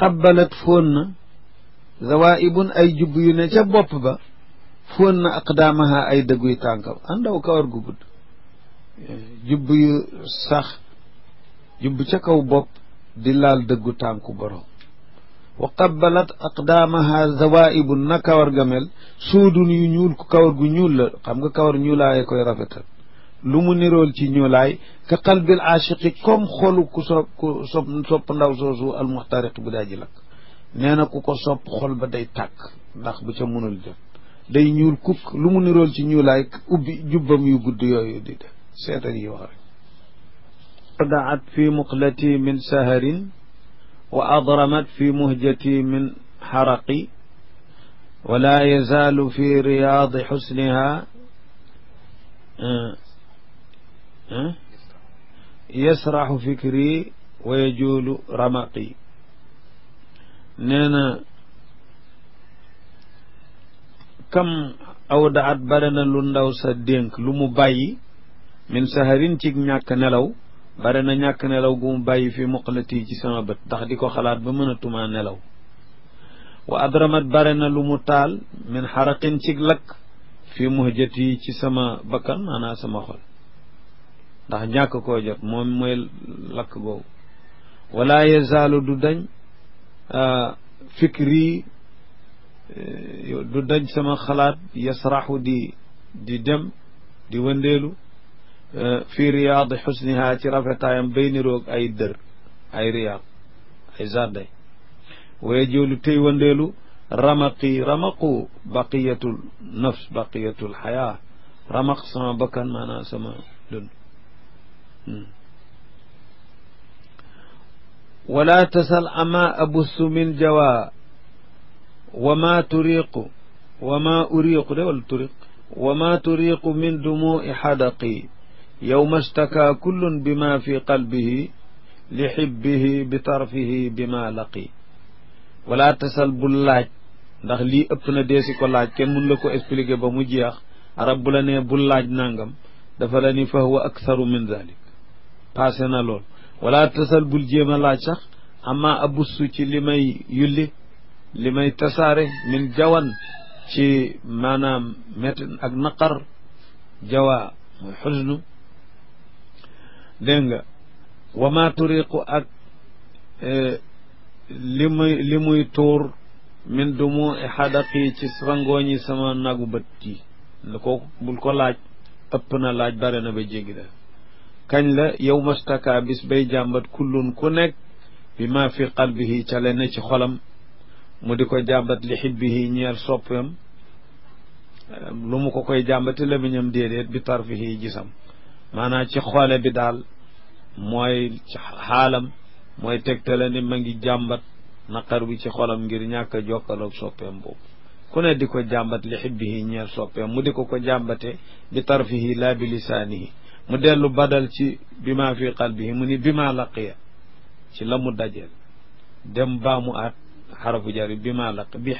xabbalat fóon na zawaibun ay jubb yu ne ca bopp ba fóon na aqdaamaha ay dëgguy tànkam àndaw kawar gu gudd jubb yu sax jubb ca kaw bopp di laal dëggu tànku borom wa qabbalat aqdaamaha zawaibun na kawar ga mel suudun yu ñuul ku kawar gu ñuul la xam nga kawar ñuulaaye koy rafetal lu mu nirool ci ñuulaay ka qalbil aashiqi comme xolu ku so ku sopp sopp ndaw soosu almuxtariq bu daa ji lakk nee na ku ko sopp xol ba day tàkk ndax bu ca mënul jot day ñuul kukk lu mu nirool ci ñuulaay ubbi jubbam yu gudd yooyu di def seetal yi wax rek daat fi muqlati min saharin wa adramat fi muhjati min xaraqi wala yazaalu fi riyaadi xusniha eh, yasraxu fikri wa yajuulu ramaqi yi na kam awda at bare na lu ndaw sa dénk lu mu bàyyi min saharin ci ñàkk nelaw bare na ñàkk nelaw gu mu bàyyi fi muqlati ci sama bët ndax di ko xalaat ba mën nelaw wa adramat bare na lu mu taal min xaraqin ci lakk fi muhjati ci sama bakkan maanaa sama xol ndax ñàkk koo jot moom mooy lakk googu wala yazaalu du dañ ah, fikri eh, du dañ sama xalaat yasraxu di di dem di wëndeelu eh, fi riyaadi xusniha ci rafetaayam bay niroog ay dër ay riyaad ay jardin waye joolu tey wëndeelu ramaqi ramaqu baqiyatul nafs baqiyatul xayaa ramaq sama bakkan maanaam sama dund Hmm. wala tasal ama abussu min jawa wa ma turiqu wa ma uriqu de wala turiq wa ma turiqu min dumui xadaqi yowma staka kullun bima fi qalbihi li xibbihi bi tarfihi bima laqi wala tasal bu laaj ndax lii ëpp na deesi ko laaj kenn mun la ko expliquer ba mu jeex arab bu la ne bu laaj nangam dafa la ni fa huwa aktharu min dalik passé na lool walaa tasal bul jéem a laaj sax amma abussu ci li may yulli li may tasaare min jawan ci maanaam mettin ak naqar jawa mooy xusnu dégg nga wa ma turiqu ak e, li muy li muy tuur min dumu xadaqi ci rangooñi sama nagu bët yi kooku bul ko laaj ëpp na laaj bare na ba jéggi da kañ la yow mastaka bis bay jàmbat kullun ku nekk bi ma fi qalbihi ca ci xolam mu di ko jàmbat li xibbihi ñeel soppam eh, lu mu ko koy jàmbati lamiñam déedéet bi tarfihi gisam maanaam ci xoole bi daal mooy ci xaalam mooy tegtale ni ma ngi jàmbat naqar bi ci xolam ngir ñàkk a jokkaloog boobu ku ne di ko jàmbat li xibbihi ñeel soppeem mu di ko ko jàmbate bi tarfihi laa bi lisaanihi mu dellu badal ci bi maa fi qalbihi mu ni bi maa laqiya ci la mu dajeel dem baa mu aat xarafu jar bi maa laq bi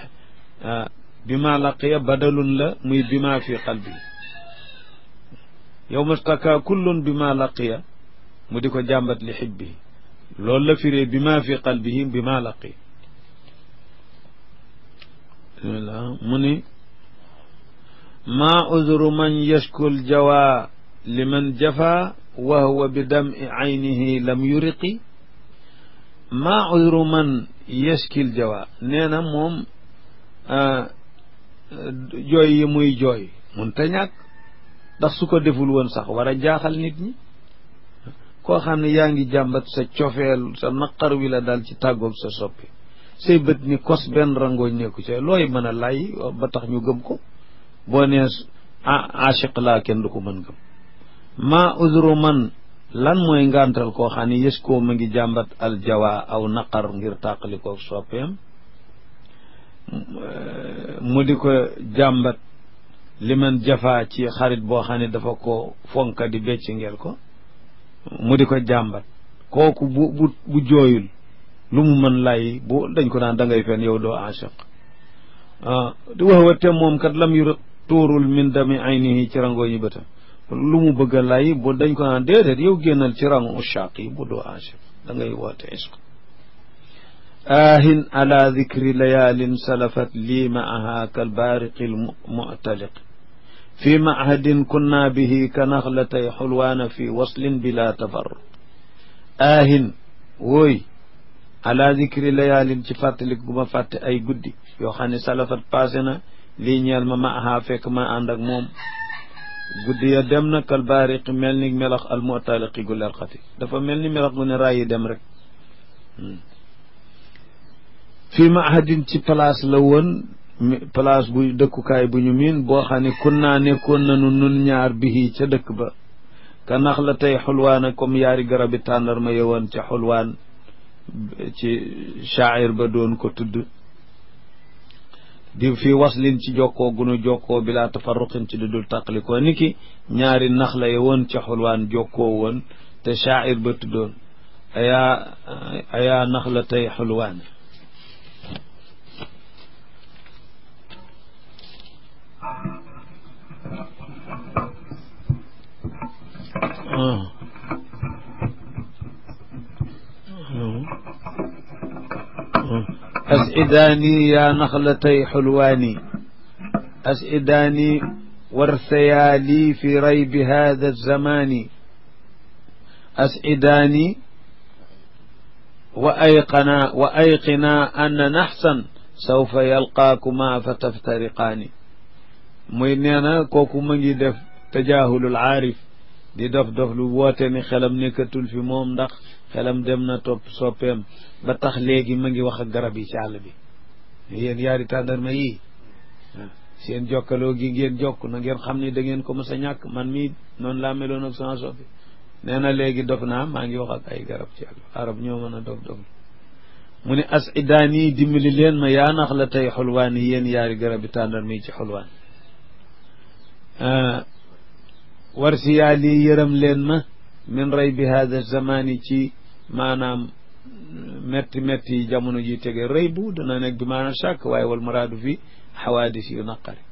ah, bi maa laqiya badalun la muy bi maa fi qalbihi yow mastaka kullun bi maa laqiya mu di ko jàmbat li xibbihi loolu la firee bi maa fi qalbihi bi maa laqiya mu ni maa uzuru man yashkul jawaa li mën wa huwa bi dami aynihi lam yuriqi maa udru man yeskil jawa nee na moom jooy yi muy jooy mun te ñàkk ndax su ko deful woon sax war a jaaxal nit ñi koo xam ne yaa ngi jàmbat sa cofeel sa naqar wi la daal ci tàggoog sa soppi say bët ni kos benn rangooñ nekku ca looy mën a ba tax ñu gëm ko boo nee ah laa kenn du ko mën gëm ma uzru man lan mooy ngàntal koo xam ne yës ma ngi jàmbat al aljawaa aw naqar ngir tàqalikoo soppeem mu di ko jàmbat li man jafaa ci xarit boo xam ne dafa ko fonka di becc ngeel ko mu di ko jàmbat kooku bu bu jooyul lu mu mën lay bu dañ ko daan dangay ngay fen yow doo aashiq ah, di wax wa te moom kat lam yu tuurul min dami aynihi ci rangoo ñi lu mu bëgg a lay bu dañ ko naan déedéet yow génnal ci rangu ushaaq yi bu doo aasif da ngay woote isq aahin ala dicri layaalin salafat lii maaha kalbaariqi lmutaliq fi mahadin kunna bihi ka naxlatay xulwaana fi waslin bila tafarruq aahin wooy ala dicri layaalin ci fàttalik gu ma fàtte ay guddi yoo xam ne salafat passé na lii ñeel ma maaha fekk ma ànd ak moom guddi ya dem na kal baariq mel ni melax al mu'taliqi gu lerxati dafa mel ni melax gu ne raay dem rek hmm. fii mahadin ci place la woon place bu dëkkukaay bu ñu miin boo xam kun naa nekkoon nañu nun ñaar bihi ca dëkk ba ka nax la tey xulwaana comme yaari garabi tàndarma yowoon ca xulwaan ci shaa'ir ba doon ko tudd di fi waslin ci jokkoo gunu jokkoo bilaa tafarruqin ci dudul tàqalikoo ni ki ñaari nax la woon ca xulwaan jokkoo woon te shaa'ir ba tuddoon ayaa ayaa nax la tey xulwaan ah أسعداني يا نخلتي حلواني أسعداني وارثيا لي في ريب هذا الزمان أسعداني وأيقنا وأيقنا أن نحسن سوف يلقاكما فتفترقان muy nee na kooku ma ngi def tajaahulul aarif di dof dof lu woote ni xelam nekkatul fi moom ndax xelam dem na topp soppeem ba tax léegi ma ngi wax ak garab yi ci àll bi yéen yaari tàndarma yii seen jokkaloo gi ngeen jokk na ngeen xam ni da ngeen ko ñàkk man mi noonu laa meloon ak sama soppi nee na léegi dog naa maa ngi wax ak ay garab ci àll arab ñoo mën a dog dog mu ne as idaanii dimbali leen ma yaa nax la tey xulwaan yi yéen garab yi tàndarma yi ci xulwaan war si yaa lii leen ma min rey hada zamani ci maanaam metti metti yi jamono ji tege rëy bu dana nekk bi maanaam chàkk waaye wal maraadu fi xawaadis yu naqari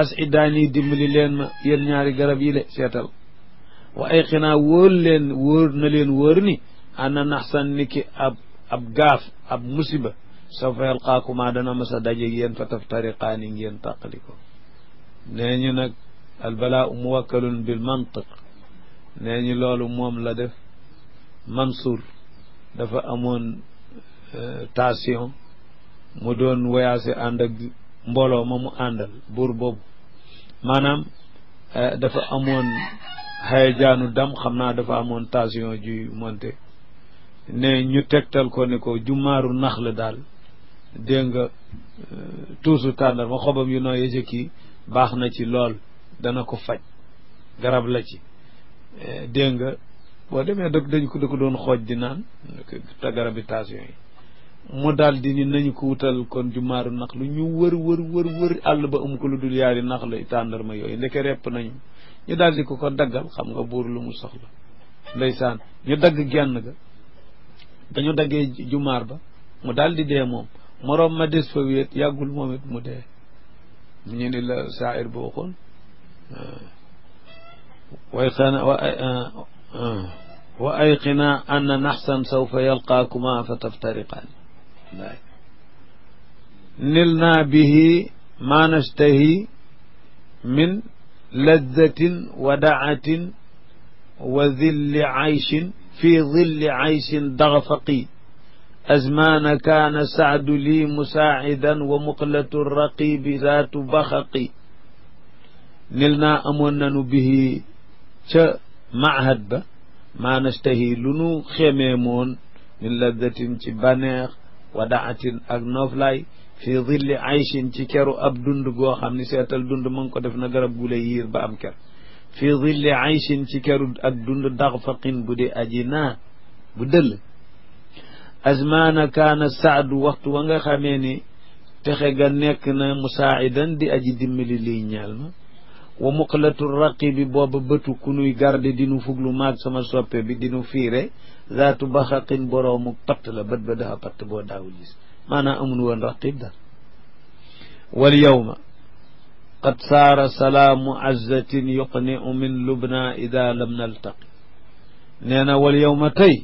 as idaani dimbali leen ma yéen ñaari garab yi le seetal wa ay xinaa wóor leen wóor na leen wóor ni ana naxsan ni ki ab ab gaaf ab musiba sawfa yalqaakumaa dana mas a daje yéen fa taftariqaani ngeen tàqaliko nee ñu nag albalaa muwakkalun bil mantiq nee ñu loolu moom la def Mansour dafa amoon euh, tension mu doon voyagé ànd ak mbooloo ma mu àndal buur boobu maanaam euh, dafa amoon xayajaanu dam xam naa dafa amoon tension juy monte ne ñu tegtal ko ne ko jumaaru nax la daal dégg nga euh, tuusu tàndar ma xobam yu nooy yëjëkki baax na ci lool dana ko faj garab la ci dégg nga boo demee dog dañ ko da ko doon xooj di naan tagara bi station yi mu daal di ni nañu ko wutal kon jumaaru nax lu ñu wër wër wër wër àll ba am ko lu dul yaari nax la tàndarma yooyu ndeke repp nañu ñu daal ko ko daggal xam nga buur lu mu soxla saan ñu dagg genn ga dañu daggee jumaar ba mu daldi di dee moom moroom ma des fa wéet yàggul moom it mu dee mu ñu ni la saa'ir boo waxoon way xana wa ayqina anna naxsan sawfa yalqaakuma fa taftariqaan nilnaa bihi maa nastahi min lazzatin wa daatin wa zilli ayshin fi zilli ayshin daxfaqi azmaana kaana saadu lii musaacidan wa muqlatu raqibi zaatu baxaqi nil naa amoon nanu bihi ca mahad ba maanastahi lu nu xeme moon min lazzatin ci baneex wadaatin ak nooflaay fii dilli ayshin ci keru ab dund goo xam ne seetal dund mu ngi ko def na garab gu yiir ba am ker fii dilli ayshin ci keru ak dund daxfaqin bu di aji naa bu dëll azmaana kaana saadu waxtu wa nga xamee ni texe ga nekk na musaa'idan di aji dimbali liy ñaal ma wa muqlatu raqibi booba bëtu ku nuy garde dinu fuglu maag sama soppe bi dinu fiire zaatu baxaqin boroomu patt la bët ba dafa patt boo daawul gis maanaam amul woon raqib da wal yawma qad saara salaamu azzatin yuqniu min lubna ida lam naltaqi nee na wal yawma tey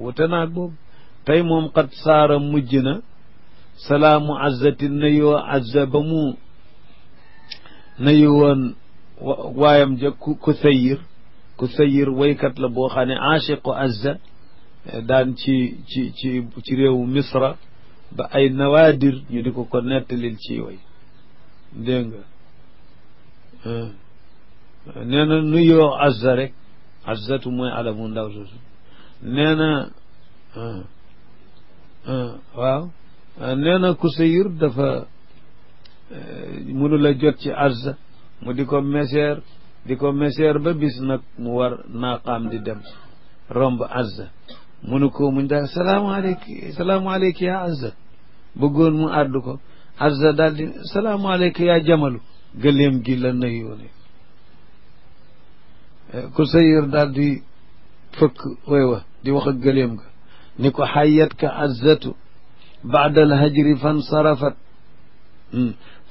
wute naag boobu tey moom qad saara mujj na salaamu azzatin na yoo azza ba mu nayu woon waayam ja ku ku sayir ku sayir waykat la boo xam ne aashiqu azza daan ci ci ci ci réewu misra ba ay nawaadir ñu di ko ko nettalil ci way dégg nga eh, nee na nuyoo azza rek azzatu mooy alamu ndaw soosu nee na eh, eh, waaw nee na kusayir dafa mënula jot ci arsa mu di ko meseer di ko meseer ba bis nag mu war naaqaam di dem romb arsa mënu ko muñ daal salaamaaleykum salaamaaleykum yaa arsa bëggoon mu àddu ko arsa daal di salaamaaleykum yaa jamalu gëléem gi la nayoone ku sayir daal di fëkk way wa di wax ak gëléem ga ni ko xayat ka arzatu baada alhajri fansarafat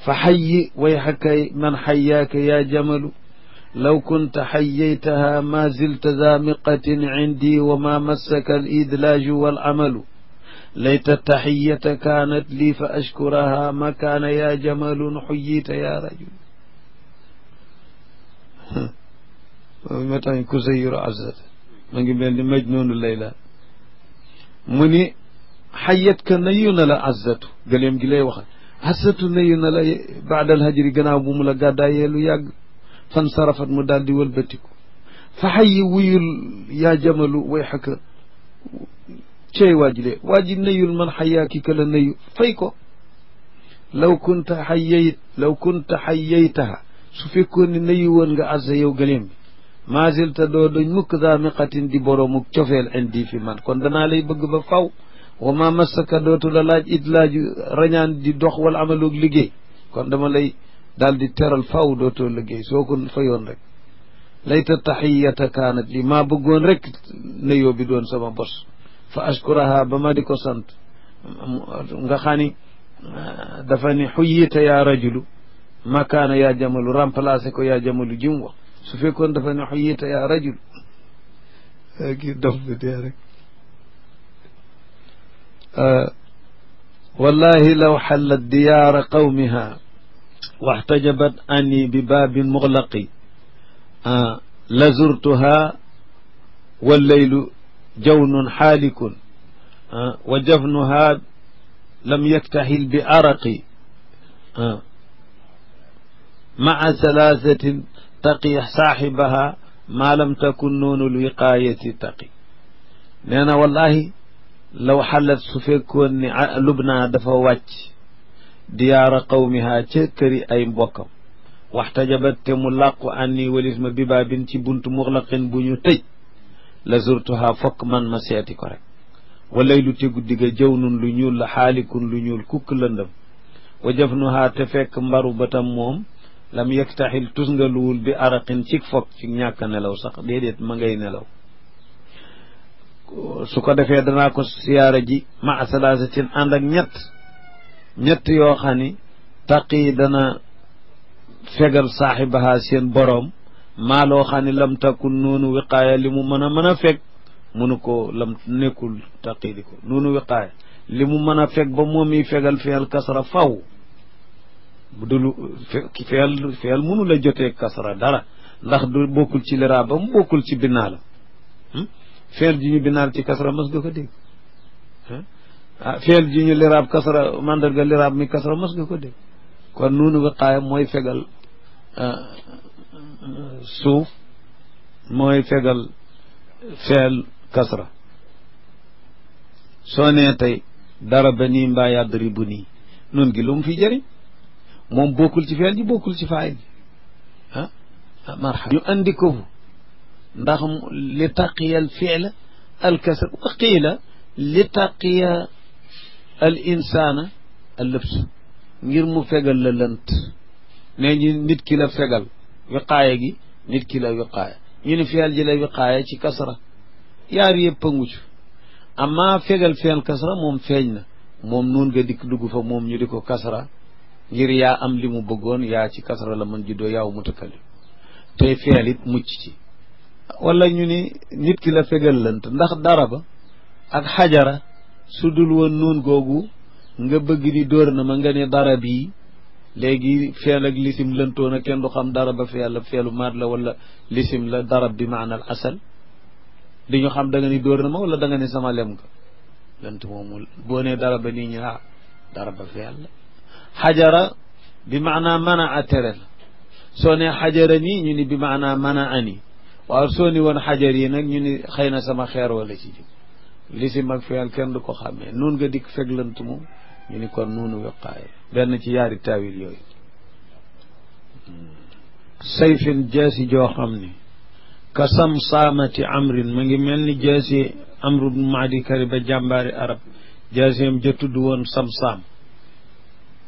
fa xayyi way xakay man xayaaka yaa jamalu law kunta xayaytaha ma zilta za miqatin cindi wa ma massaka alidlaaju walamalu layta taxiyata kaanat lii fa ashkuraha ma kaana yaa jamalun xuyiita yaa rajul ma tax kusayiru absata ma ngi mel ni majnuunu layla mu ni xayat ka nayu na la azatu gëleem gi lay waxal xasatu nayu na la baadal hajri gannaaw bu mu la gàddaayee lu yàgg fan sarafat mu daal di wëlbatiku fa xayi wuyul yaa jamalu way xaka ceey waajile waa ji nayul man xayaa ki ka la nayu fay ko law kunta xayay law kunta xayaytaha su fekkoon ne nayu woon nga arsa yow gëleem bi maasil ta doo doñ mukk daa miqatin di boroomu cofeel indi fi man kon danaa lay bëgg ba faw wa ma masaka dootu la laaj it laaju rañaan di dox wala amaloog liggéey kon dama lay daal di teral faaw dootoo liggéey soo ko fayoon rek layta taxiyata kaanat li maa bëggoon rek nayoo bi doon sama bos fa ashkuraha ba ma di ko sant nga xam ni dafa ni xuyita yaa rajulu makaana yaa jamalu remplacé ko yaa jamalu jim wax su fekkoon dafa ni xuyita yaa rajulu kii dof bi dee rek wallahi law xallat diyaara qawmiha waxtajabat ani bi baabin muxlaqi la zurtuha walleylu jawnun xaalikun wa jafnuha lam yaktaxil bi araqi maa salaasatin taqi saaxibaha maa lam takun noonu lwiqaayati taqi nee na wallahi law xalat su fekkoon ni lubna dafa wàcc diyaara qawmiha ca këri ay mbokkam waxtajabat te mu làqu anni walis ma bibaabin ci buntu muxlaqin bu ñu tëj la zurtuha fokk man ma seeti ko rek walay lu tegu digga jawnun lu ñuul la xaalikun lu ñuul kukk lëndëm wa jafnuha te fekk mbaru batam moom lam yektaxil tusngaluwul bi araqin cig fokk ci ñàkk nelaw sax déedéet ma ngay nelaw su ko defee danaa ko siyaara ji ma asalasatin ànd ak ñett ñett yoo xani ni taqi dana fegal saaxibaha seen boroom maa loo xam lam takkul noonu wiqaaya li mu mën a mën a fekk munu ko lam nekkul taqi di ko noonu wiqaaya li mu mën a fekk ba moom miy fegal feel kasara faw bu dul feel feel la jote kasara dara ndax du bokkul ci liraab ba mu bokkul ci binaa la feel ji ñu binaar ci kasra mos nga ko dégg ah feel ji ñu liraab kasra kasra mos nga ko dégg kon nuunu wiqaaya mooy fegal ah, suuf mooy fegal feel kasra soo nee tey dara ba nii mbaa yàddari bu nii nun gi lu fi jëriñ moom bokkul ci feel ji bokkul ci faay ji ah ñu andi ko fu ndax li taqiya al fi'la al kasb wa qiila li taqiya al insaana al lëbs ngir mu fegal la lënt nee nit ki la fegal wiqaaya gi nit ki la wiqaaya ñu ne feel ji la ci kasra yaar yëpp a amma fegal feel kasra moom feeñ na moom noon nga dikk dugg fa moom ñu di ko kasra ngir yaa am li mu bëggoon yaa ci kasra la mën juddoo yaaw mutakallim tey feel it mucc ci wala ñu ni nit ki la fegal lënt ndax dara ba ak xajara su dul woon nuun googu nga bëgg ni dóor na ma nga ne dara bii léegi feel ak lisim lëntoon a kenn du xam dara ba feel la feelu maat la wala lisim la darab bi maanaam asal di ñu xam danga nga ni dóor na ma wala danga nga sama lem nga lënt moomu boo nee dara ba ñu ah dara ba feel xajara bi maanaam mana a tere la soo nee xajara nii ñu ni bi maanaam mana ani waaw soo ni woon xajar yi nag ñu ni xëy na sama xeer wala ci jóg li si mag fiyal kenn du ko xàmmee noonu nga dikk feglant mu ñu ni kon noonu wiqaaya benn ci yaari taawil yooyu sayfin jaasi joo xam ni ka sam saamati amrin ma ngi mel ni jaasi amru bnu maadi kari ba jàmbaari arab jaasiyam ja tudd woon sam saam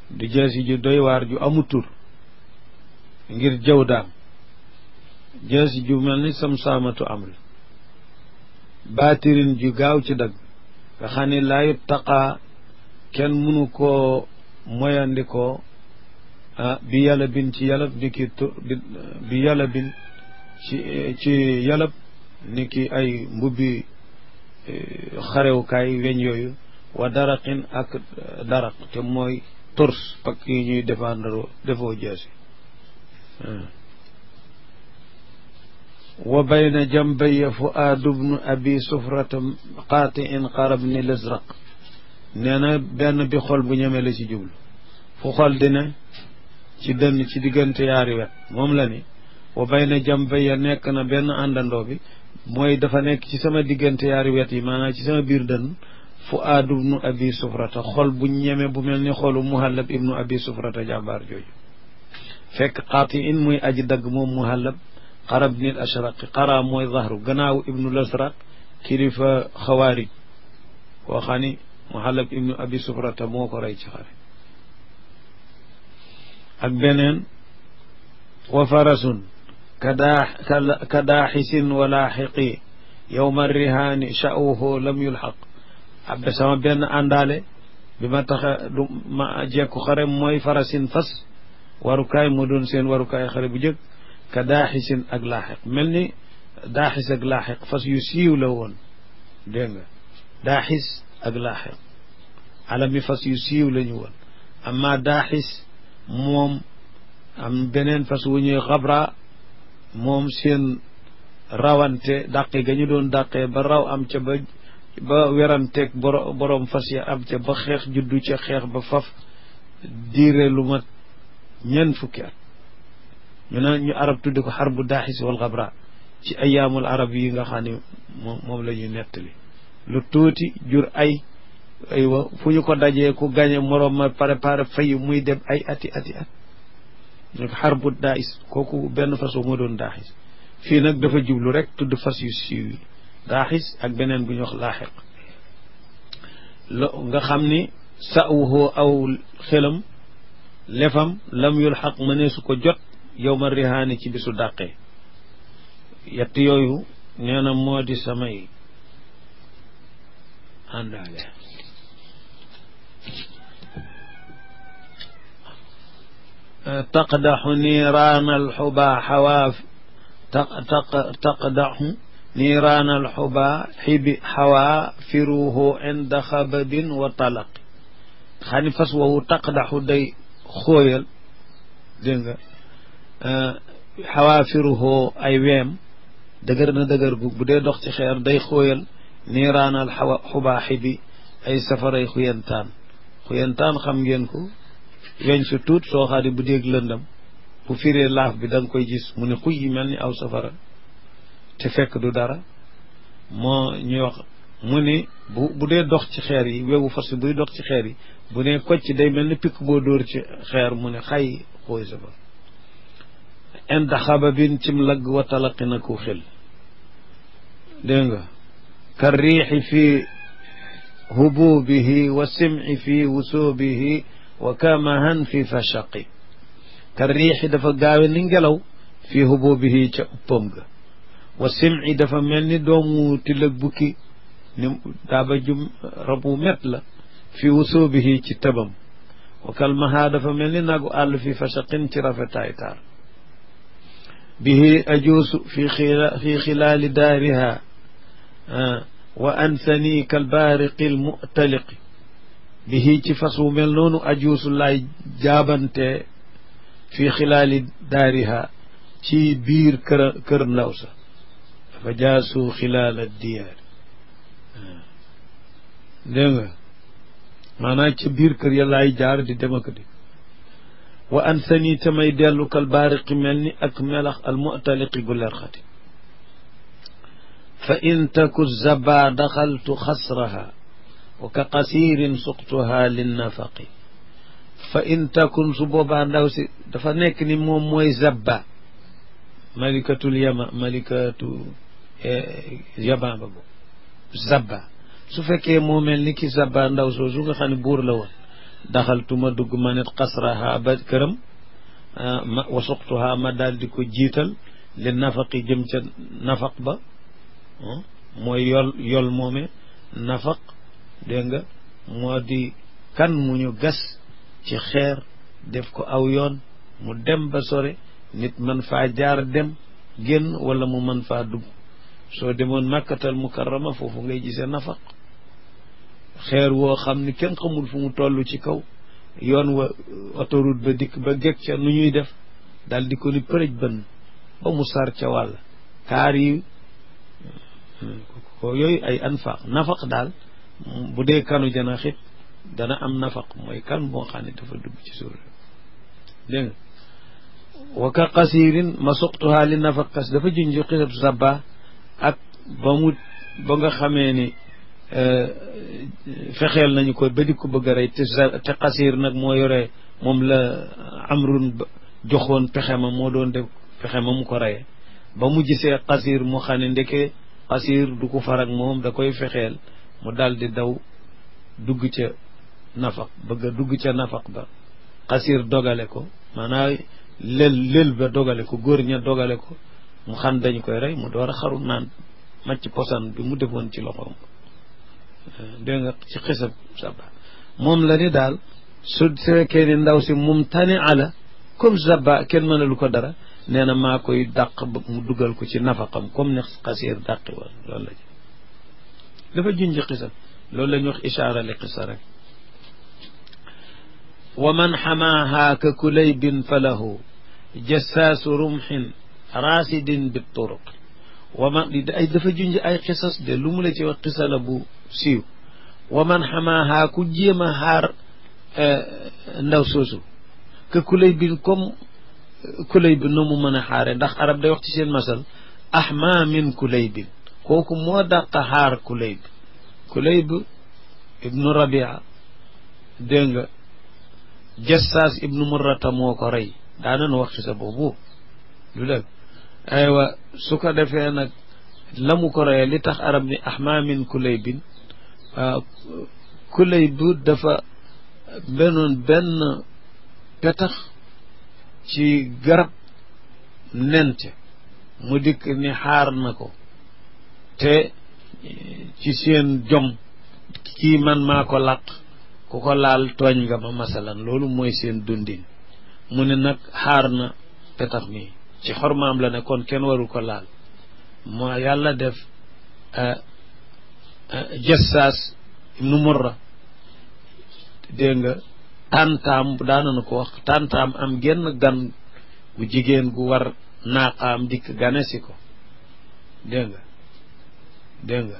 di jaasi ju doywaar waar ju amu tur ngir jawdaam jeesi ju mel ni samsaamatu am la baatirin ju gaaw ci dagg nga xam ni laayu taqaa kenn mënu ko moyandikoo ah, bi yàlla bin ci yàllab ni ki bi yàlla bin ci ci yàllab ni ki ay mbubbi eh, xarewukaay weñ yooyu wa daraqin ak daraq te mooy tors pakk yi ñuy défendre defoo jeesi ah. wa bayna jambaya fuaad bnu abi sufrata qaati qarab ni lësraq nee na benn bi xol bu ñeme la ci jublu fu xol di ne ci dënn ci diggante yaari wet moom la ni wa bayna jambaya nekk na benn àndandoo bi mooy dafa nekk ci sama diggante yaari wet yi maanaam ci sama biir dënn fuaad bnu abi sufrata xol bu ñeme bu mel ni xolu muhallab ibnu abi sufrata jàmbaar jooju fekk qaati muy aji dagg moom muhallab qara bnil ashraqi qara mooy zahru gannaaw ibnul asraq kilifa xawaarij koo xam ni muhallab ibnu abi sufrata moo ko rey ci xare ak beneen wa farasun ka daaxisin wa laaxiqi yowma rihaani sha'uhu lam yulxaq abbe sama benn àndaale bi ma taxa du ma jekku xare mooy farasin fas warukaay moo doon seen warukaay xare bu jëkk ka daaxisin ak laaxiq mel ni daaxis ak laaxiq fas yu siiw la woon dégg nga daaxis ak laaxiq alami fas yu siiw la ñu woon amma daaxis moom am beneen fas wu ñuy xabra moom seen rawante dàqe ga ñu doon dàqee ba raw am ca ba ba weranteeg fas ya am ca ba xeex juddu ca xeex ba faf diire lu mat fukki at ñu ne ñu arab tuddi ko xar bu daaxis wal xabra ci ayaamul arab yi nga xam moom moom la ñuy nettali lu tuuti jur ay aywa fu ñu ko dajee ku gañe moroom ma préparé fay muy dem ay ati ati at ñu xar bu daais kooku benn façon moo doon daaxis fii nag dafa jublu rek tudd fas yu siiw daaxis ak beneen bu ñu wax laaxiq nga xam ni sa'wuhu aw xelam lefam lam yul xaq mënee su ko jot yow ma rihaani ci bisu dàqe yett yooyu nee na moo di samay àndaale taqdaxu niiraana alxubaa xawaaf taqdaxu niiraana alxubaa xibi xawaa firuhu inda xabadin wa talaq xani fas wawu taqdaxu day xóoyal dégg nga Euh, xawaafiruhu ay weem dëgër na dëgër gu bu dee dox ci xeer day xóoyal niiraanal xawa xubaaxi bi ay safaray xuyantaan xuyantaan xam ngeen ko weñ su tuut soo xaadi bu déeg lëndam bu firee laaf bi danga koy gis mu ne xuy yi mel ni aw safara te fekk du dara moo ñuy wax mu ne bu bu dee dox ci xeer yi wewu fas buy dox ci xeer yi bu ne kocc day mel ni pikk boo dóor ci xeer mu ne xay xooy safara inda xababin cim lagg wa talaqi na ku xel dégg nga ka riixi fii hububihi wa simci fii wusuubihi wa kamahan fii fashaqi ka riixi dafa gaawe ni ngelaw fii hububihi ca uppam ga wa simci dafa mel ni doomu tilëg bukki ni daaba jum rabu met la fii wusuubihi ci tëbam wa kalmahaa dafa mel ni nagu àll fii fashaqin ci rafetaay taar bihi ajuusu fi fi xilaali daariha ah, wa ansani kalbaariqi lmutaliqi bihi ci fas wu mel noonu ajuusu laay jaabante fi xilaali daariha ci biir kër kër ndaw sa dafa jaasu xilaal diyaar ah. dégg nga maanaam ci biir kër ya laay jaar di wa an sani tamay dellu kal baariqi mel ni ak melax al mutaliqi gu lerxati fa in taku zaba daxaltu xasraha wa ka qasiirin suqtuha linnafaqi fa in takun su boobaa ndaw si dafa nekk ni moom mooy zabba malikatul yama malikatu eh, yaman ba bo zabba su fekkee moo mel ni ki zabba ndaw soo su nga xam ne buur la woon daxaltuma dugg ma nit xasraha ba këram ah, ma wasuqtuha ma dal di ko jiital li nafaqi jëm ca nafaq ba ah, mooy yol moome nafaq dégg nga moo di kan mu ñu gas ci xeer def ko aw yoon mu dem ba sore nit man faa jaar dem génn wala mu man faa dugg soo demoon màkkatal mukarrama foofu ngay gisee nafaq xeer woo xam ni kenn xamul fu mu toll ci kaw yoon wa autoroute ba dikk ba gég ca nu ñuy def dal di ko ni përëj bën ba mu sar ca wàll kaar yi yooyu ay anfaq nafaq daal bu dee kanu janaxit dana am nafaq mooy kan boo xam ne dafa dugg ci suuf dégg nga wa ka qasirin ma suqtuhaa li nafaq kas dafa junj xisab sabba ak ba mu ba nga xamee ni Euh, fexeel nañu ko ba di ko bëgg rey te te xasiir nag moo yore moom la amrun joxoon pexe ma moo doon def pexe ma mu ko rey ba mu gisee xasiir mu xam ne ndeke xasiir du ko farag moom da koy fexeel mu dal di daw dugg ca nafaq bëgg dugg ca nafaq ba xasiir dogale ko maanaam lël lël ba dogale ko góor ña dogale ko mu xan dañu koy rey mu door a xaru naan màcc posan bi mu defoon ci loxoom dégg nga ci xisab Zaba la ni daal su fekkee ni ndaw si mum tane ala comme Zaba kenn mën a ko dara nee na maa koy dàq ba mu dugal ko ci nafaqam kom ni xasiir dàqi woon loolu dafa junj xisab loolu la ñuy wax ishaara li xisa rek wa man xamaahaa ka kulaybin fa lahu jasaasu rumxin bi turuq wa man ay la bu siiw wa man ku jéem a xaar eh, ndaw soosu que kulay bin comme kulay bin nu mu mën a xaare ndax arab day wax ci seen masal ahma min kulay bin kooku moo dàq xaar kulay bi kulay rabia dégg nga jassaas ibnu murrata moo ko rey daanañ wax ci sa boobu lu dëgg aywa su ko defee nag la mu li tax arab ni ahma min kulay bin Euh, kuley bu dafa benoon benn petax ci garab nente mu dikk ni xaar na ko te ci seen jom kii man maa ko làq ku ko laal tooñ nga ma masalan loolu mooy seen dundin mu ne nag xaar na petax mi ci xormaam la ne kon kenn waru ko laal moo yàlla def euh, jassaas ibnu murra dégg nga tàntaam daana na ko wax tàntaam am genn gan bu jigéen gu war naaqaam dikk ganesi ko dégg nga dégg nga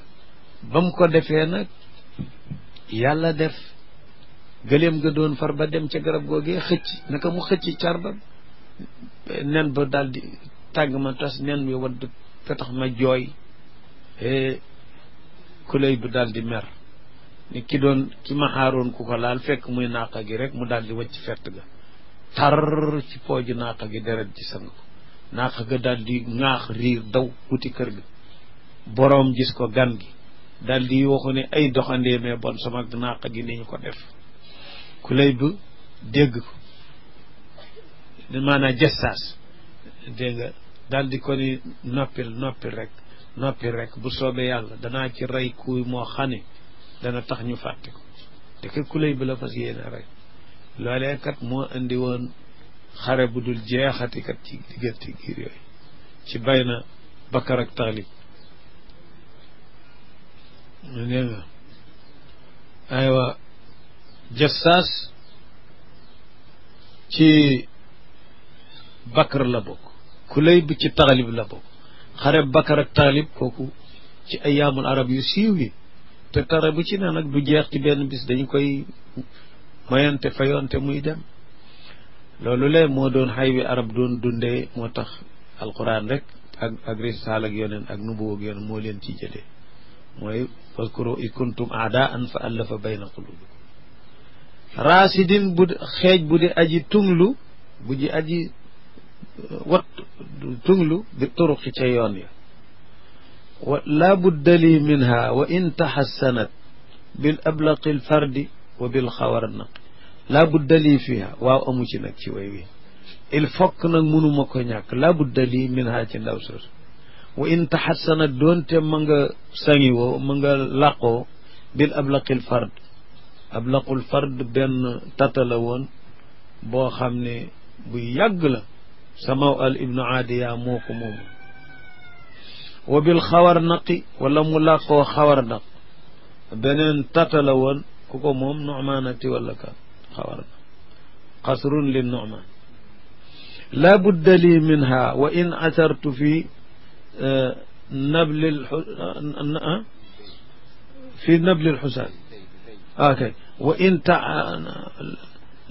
ba ko defee nag yàlla def gëléem ga doon far ba dem ca garab googee xëcc naka mu xëcc car ba nen ba daal di tàng ma tas nen bi wadd fetax ma jooy eh, kulay bu daldi mer ni ki doon ki ma xaaroon ku ko laal fekk muy naaqa gi rek mu daal di wacc fett ga tar ci pooju naaqa gi deret ci sang ko naaqa ga daldi di riir daw wuti kër ga boroom gis ko gan gi daal di waxu ne ay doxandeemee bon sama naaqa gi ni ñu ko def kulay bu dégg ko maanaam jessaas dégg nga ko ni noppil noppil rek noppi rekk bu soobee yàlla danaa ci rey kuy moo xane dana tax ñu fàtte ko te ke kulay bi la fas yéene rey loolee moo indi woon xare bu dul jeexati kat ci diggante giir yooyu ci bay na Bakar ak Taalib nee nga aywa jassaas ci Bakar la bokk kulay bi ci Taalib la bokk xare Bakar ak Taalib kooku ci ay yaamul arab yu siiw yi te tara bu ci ne nag du jeex ci benn bis dañu koy mayante fayonte muy dem loolu lee moo doon xay bi arab doon dundee moo tax alquran rek ak ak risaal ak yoneen ak nubuwa ak moo leen ci jëlee mooy waskuru i kuntum aadaan fa allafa bayna qulubikum raasidin bu xeej bu di aji tunglu bu ji aji wat junglu bi turuqi ca yoon ya wa laa budda lii minha wa in taxassanat bil ablaqi l fardi wa bil xawaranaqi laa fiha waaw amu ci nag ci way wi il fokk nag mënuma ko ñàkk laa budda lii minha ci ndaw sos wa in taxassanat doonte ma nga sangiwoo ma bi làqoo bil ablaqi l fard boo xam ne bu yàgg la samaw al ibnu aadiya moo ko moom wa bil xawarnaqi wala mu làqoo xawarnaq beneen tata la woon ku ko moom numaanati wala ka xawarnaq qasrun li numaan laa budda lii minha wa in asartu fi e, nablil fi nablil xusaan ah, ok wa in ta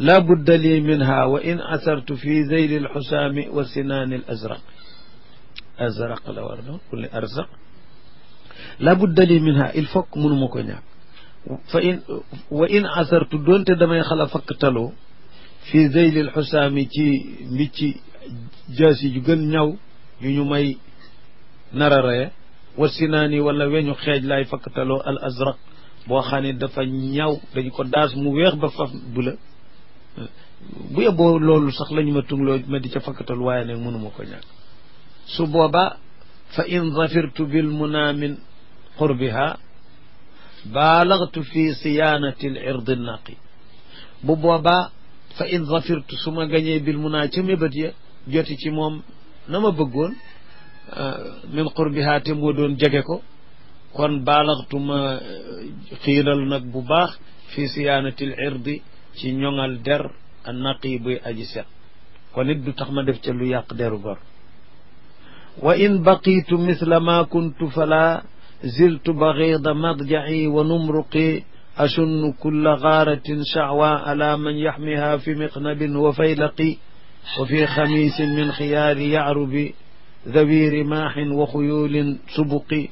laa budda lii minha wa in asartu fi zeyli alxusaami wa sinaani al azraq azraq la war doon minha il faut mënuma ko ñàkk fa in wa in asartu damay xala fakk taloo fi zeyli alxusaami ci mbicci jaasi ju gën ñaw yu ñu may nara reye wa sinaani wala weñu xeej laay fakk taloo al boo xam ne dafa ñaw dañu ko daas mu weex ba faf bu bu yeboo loolu sax lañu ma tungloo ma di ca fakkatal waaye nag ma ko ñàkk su booba fa in zafirtu bil muna min qurbiha baalagtu fi siyaanati l irdi naqi bu booba fa in zafirtu su ma gañee bil naa ca mébét ya joti ci moom na ma bëggoon ah, min qurbiha te moo doon jege ko kon baalaxtu ma eh, xiiral nag bu baax fi siyaanati l irdi ci ñoŋal der an naqi buy aji set kon it du tax ma def ca lu yàq deru gor wa in baqitu misla ma kuntu fala ziltu baghida madjaci wa numruqi ashunnu kulla gaaratin shacwa ala man yaxmiha fi miqnabin wa faylaqi wa fi xamisin min xiyaari yacrubi dawi rimaaxin wa xuyuulin subuqi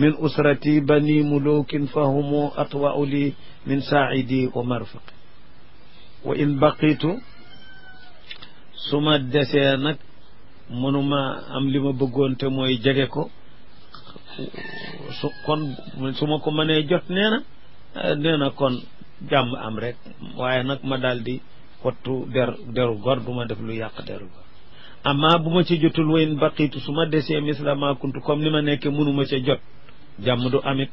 min usrati bani mulukin fahumu atwa'u li min saacidi wa marfiqi wa in baqitu su ma desee nag mënuma am li ma bëggoon te mooy jege ko su kon su ma ko mënee jot nee na nee na kon jàmm am rek waaye nag ma daal di wattu der deru gor du ma def lu yàq deru gor amma bu ma ci jotul wa in baqitu su ma desee misla ma kuntu comme ni ma nekkee mënuma ca jot jàmm du amit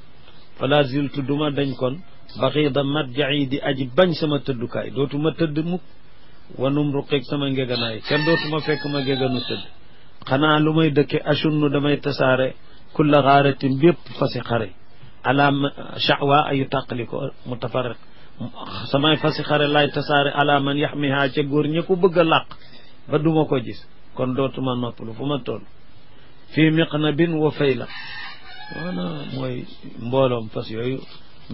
fala du ma deñ kon baxiida madjaci di aji bañ sama tëddukaay dootuma tëdd mukk wanum ruqeeg sama ngeganaay kenn dootuma fekk ma ngeganu tëdd xanaa lu may dëkke ashunnu damay tasaare kulla xaaratin bépp fasi xare ala chawa ayu tàqaliko mutafarriq samay fasi xare laay tasaare ala man yaxmihaa ca góor ña ko bëgg a làq ba duma ko gis kon dootuma noppalu fu ma toll fii miqnabin wa fayla waana mooy mbooloom fas yooyu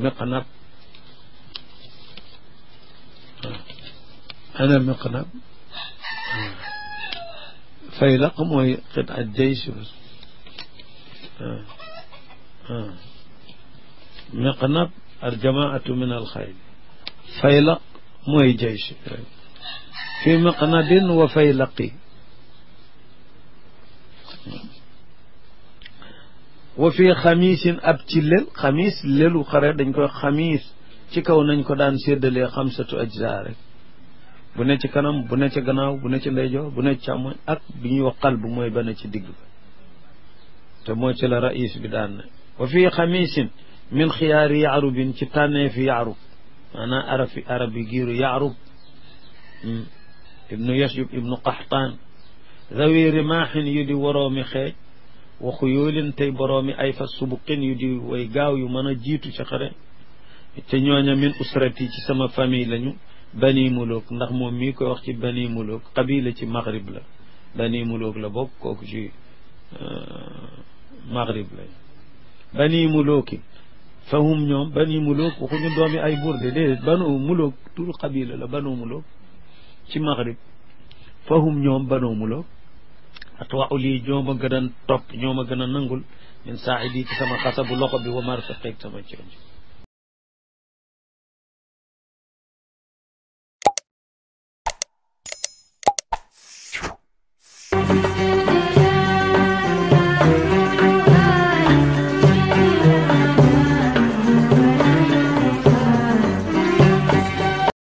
miqnab ana miqnab faylaq mooy xit at jay si miqnab al jamaatu min al xayl faylaq mooy jay si fi miqnabin wa faylaqi wa fi xamiisin ab ci lël xamiis lëlu xare dañ koy xamiis ci kaw nañ ko daan séddalee xamsatu ajza rek bu ne ci kanam bu ne ci gannaaw bu ne ci ndeyjoor bu ne ci càmmoñ ak bi ñuy wax xal bu mooy ba ne ci digg ba te moo ci la raïs bi daan ne wa fii xamisin min xiyaari yaarubin ci tànnee fi yaarub maanaam arafi arab yi giiru yaarub hmm. ibnu yasub ibnu qaxtaan zawi yu di waroomi xeej wa xuyóolin tey boroomi ay fa subuqin yu di way gaaw yu mën a jiitu ci xare te ñooña min usrati ci sama famille lañu bani muluk ndax moom mii koy wax ci bani muluk qabila ci maghrib la bani muluk la bokk kooku ci euh, maghrib la bani muluki fa hum ñoom bani muluk waxuñu doomi ay buur de déedéet banu muluk tur qabila la banu muluk ci maghrib fa hum ñoom banu muluk atwau lii ñoo ma gën a topp ñoo ma gën a nangul min saaidi ci sama xasabu loxo bi wa marsaqiik sama ceeñ